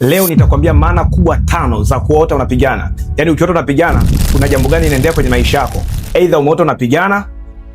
Leo nitakwambia maana kubwa tano za kuota unapigana. Yaani ukiota unapigana, kuna jambo gani inaendelea kwenye maisha yako? Aidha umeota unapigana,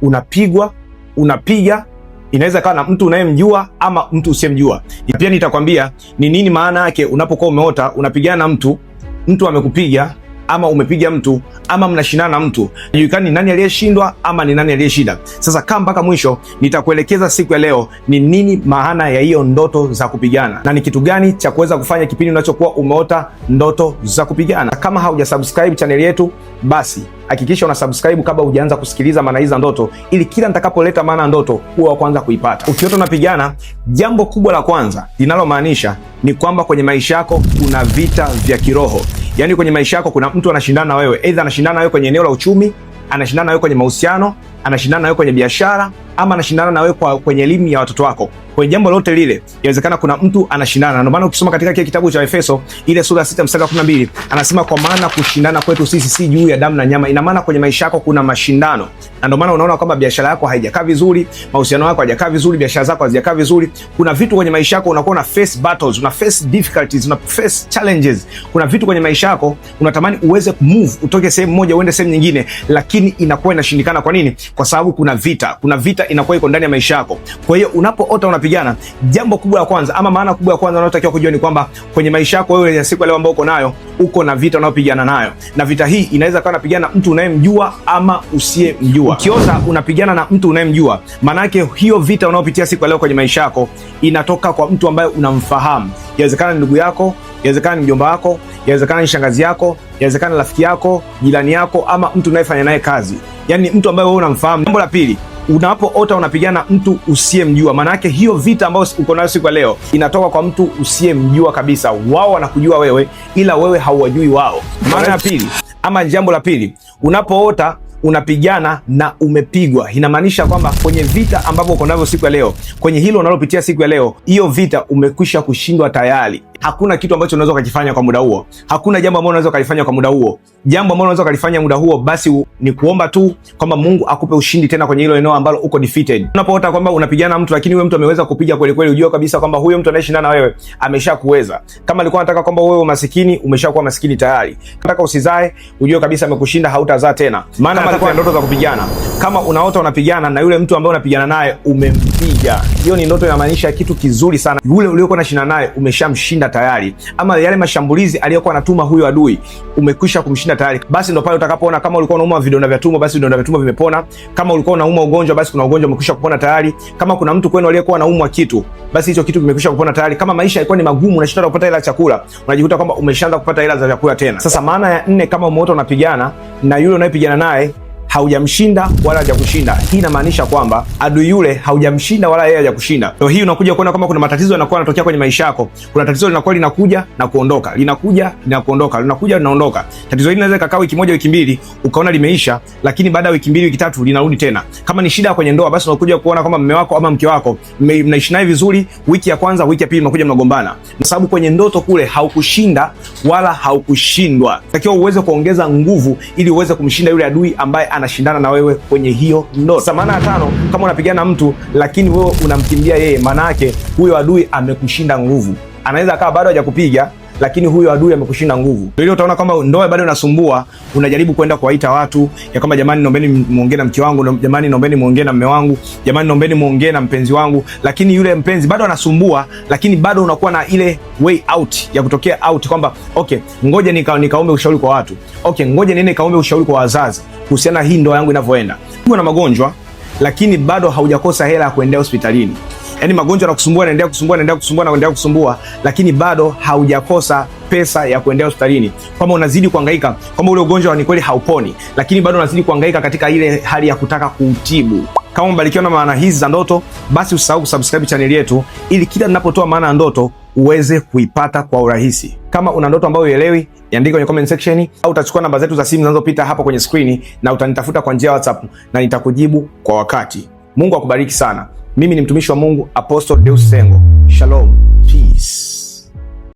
unapigwa, unapiga, inaweza kawa na mtu unayemjua ama mtu usiyemjua. Pia nitakwambia ni nini maana yake unapokuwa umeota unapigana na mtu, mtu amekupiga ama umepiga mtu ama mnashindana na mtu, haijulikani nani aliyeshindwa ama ni nani aliyeshinda. Sasa kaa mpaka mwisho, nitakuelekeza siku ya leo ni nini maana ya hiyo ndoto za kupigana na ni kitu gani cha kuweza kufanya kipindi unachokuwa umeota ndoto za kupigana. Kama haujasubscribe channel yetu, basi hakikisha una subscribe kabla hujaanza kusikiliza maana hizi za ndoto, ili kila nitakapoleta maana ndoto uwe wa kwanza kuipata. Ukiota unapigana, jambo kubwa la kwanza linalomaanisha ni kwamba kwenye maisha yako kuna vita vya kiroho yani kwenye maisha yako kuna mtu anashindana na wewe, aidha anashindana na wewe kwenye eneo la uchumi, anashindana na wewe kwenye mahusiano, anashindana na wewe kwenye biashara ama anashindana na wewe kwenye elimu ya watoto wako, kwenye jambo lolote lile, inawezekana kuna mtu anashindana. Ndio maana ukisoma katika kile kitabu cha Efeso ile sura sita 6 mstari wa mbili anasema, kwa maana kushindana kwetu sisi si juu ya damu na nyama. Ina maana kwenye maisha yako kuna mashindano, na ndio maana unaona kwamba biashara yako haijakaa vizuri, mahusiano yako hayajakaa vizuri, biashara zako hazijakaa vizuri. Kuna vitu kwenye maisha yako unakuwa una face battles, una face difficulties, una face challenges. Kuna vitu kwenye maisha yako unatamani uweze move, utoke sehemu moja uende sehemu nyingine, lakini inakuwa inashindikana. Kwa nini? kwa sababu kuna vita, kuna vita inakuwa iko ndani ya maisha yako. Kwa hiyo unapoota unapigana, jambo kubwa la kwanza ama maana kubwa ya kwanza unayotakiwa kujua ni kwamba kwenye maisha yako wewe ya siku leo ambayo uko nayo, uko na vita unayopigana nayo, na vita hii inaweza kuwa unapigana mtu unayemjua ama usiyemjua. Ukiota unapigana na mtu unayemjua, maana yake hiyo vita unayopitia siku leo kwenye maisha yako inatoka kwa mtu ambaye unamfahamu. Yawezekana ni ndugu yako, yawezekana ni mjomba wako, yawezekana ni shangazi yako, yawezekana rafiki yako, jirani yako, ama mtu unayefanya naye kazi yani mtu ambaye wewe unamfahamu. Jambo la pili, unapoota unapigana mtu usiyemjua, maana yake hiyo vita ambayo uko nayo siku ya leo inatoka kwa mtu usiyemjua kabisa. Wao wanakujua wewe, ila wewe hauwajui wao. Maana ya pili ama jambo la pili, unapoota unapigana na umepigwa, inamaanisha kwamba kwenye vita ambavyo uko navyo siku ya leo, kwenye hilo unalopitia siku ya leo, hiyo vita umekwisha kushindwa tayari hakuna kitu ambacho unaweza ukakifanya kwa muda huo, hakuna jambo ambalo unaweza ukalifanya kwa muda huo. Jambo ambalo unaweza ukalifanya muda huo basi ni kuomba tu kwamba Mungu akupe ushindi tena kwenye hilo eneo ambalo uko defeated. Unapoota kwamba unapigana mtu lakini huyo mtu ameweza kupiga kweli kweli, ujue kabisa kwamba huyo mtu anayeshindana na wewe ameshakuweza. Kama alikuwa anataka kwamba wewe umasikini, umeshakuwa masikini tayari. Nataka usizae, ujue kabisa amekushinda, hautazaa tena, maana kama alikuwa na ndoto za kupigana. Kama unaota unapigana na yule mtu ambaye unapigana naye umem tija. Hiyo ni ndoto inamaanisha kitu kizuri sana. Yule uliokuwa unashinda naye umeshamshinda tayari, ama yale mashambulizi aliyokuwa anatuma huyo adui umekwisha kumshinda tayari. Basi ndo pale utakapoona kama ulikuwa unauma vidonda vya tumbo, basi vidonda vya tumbo vimepona. Kama ulikuwa unauma ugonjwa, basi kuna ugonjwa umekwisha kupona tayari. Kama kuna mtu kwenu aliyekuwa anaumwa kitu, basi hicho kitu kimekwisha kupona tayari. Kama maisha yalikuwa ni magumu, unashinda kupata hela ya chakula, unajikuta kwamba umeshaanza kupata hela za chakula tena. Sasa maana ya nne, kama umeota unapigana na yule unayepigana naye haujamshinda wala hajakushinda. Hii inamaanisha kwamba adui yule haujamshinda wala yeye hajakushinda. So, hii unakuja kuona kwamba kuna matatizo yanakuwa yanatokea kwenye maisha yako. Kuna tatizo linakuwa linakuja na kuondoka, linakuja na kuondoka, linakuja linaondoka. Tatizo hili linaweza kukaa wiki moja, wiki mbili, ukaona limeisha, lakini baada ya wiki mbili, wiki tatu linarudi tena. Kama ni shida kwenye ndoa, basi unakuja kuona kwamba mume wako ama mke wako mnaishi naye vizuri, wiki ya kwanza, wiki ya pili mnakuja mnagombana, kwa sababu kwenye ndoto kule haukushinda wala haukushindwa. Takiwa uweze kuongeza nguvu ili uweze kumshinda yule adui ambaye ana anashindana na wewe kwenye hiyo ndoto. Maana ya tano, kama unapigana na mtu lakini wewe unamkimbia yeye, maana yake huyo adui amekushinda nguvu, anaweza akawa bado hajakupiga lakini huyo adui amekushinda nguvu. Ndio ile utaona kwamba ndoa bado inasumbua, unajaribu kwenda kuwaita watu ya kwamba jamani, naombeni muongee na mke wangu, jamani, naombeni muongee na mume wangu, jamani, naombeni muongee na mpenzi wangu, lakini yule mpenzi bado anasumbua, lakini bado unakuwa na ile way out ya kutokea out kwamba okay, ngoja nika nikaombe ushauri kwa watu, okay, ngoja niende nikaombe ushauri kwa wazazi kuhusiana hii ndoa yangu inavyoenda. Uko na magonjwa lakini bado haujakosa hela ya kuendea hospitalini yani magonjwa yanakusumbua, yanaendelea kusumbua, yanaendelea kusumbua na kusumbua, lakini bado haujakosa pesa ya kuendea hospitalini, kwamba unazidi kuhangaika kwamba ule ugonjwa ni kweli hauponi, lakini bado unazidi kuhangaika katika ile hali ya kutaka kuutibu. Kama umebarikiwa na maana hizi za ndoto, basi usisahau kusubscribe chaneli yetu ili kila ninapotoa maana ya ndoto uweze kuipata kwa urahisi. Kama una ndoto ambayo uelewi, iandike kwenye comment section, au utachukua namba zetu za simu zinazopita hapo kwenye screen na utanitafuta kwa njia ya WhatsApp na nitakujibu kwa wakati. Mungu akubariki sana. Mimi ni mtumishi wa Mungu Apostle Deus Sengo. Shalom. Peace.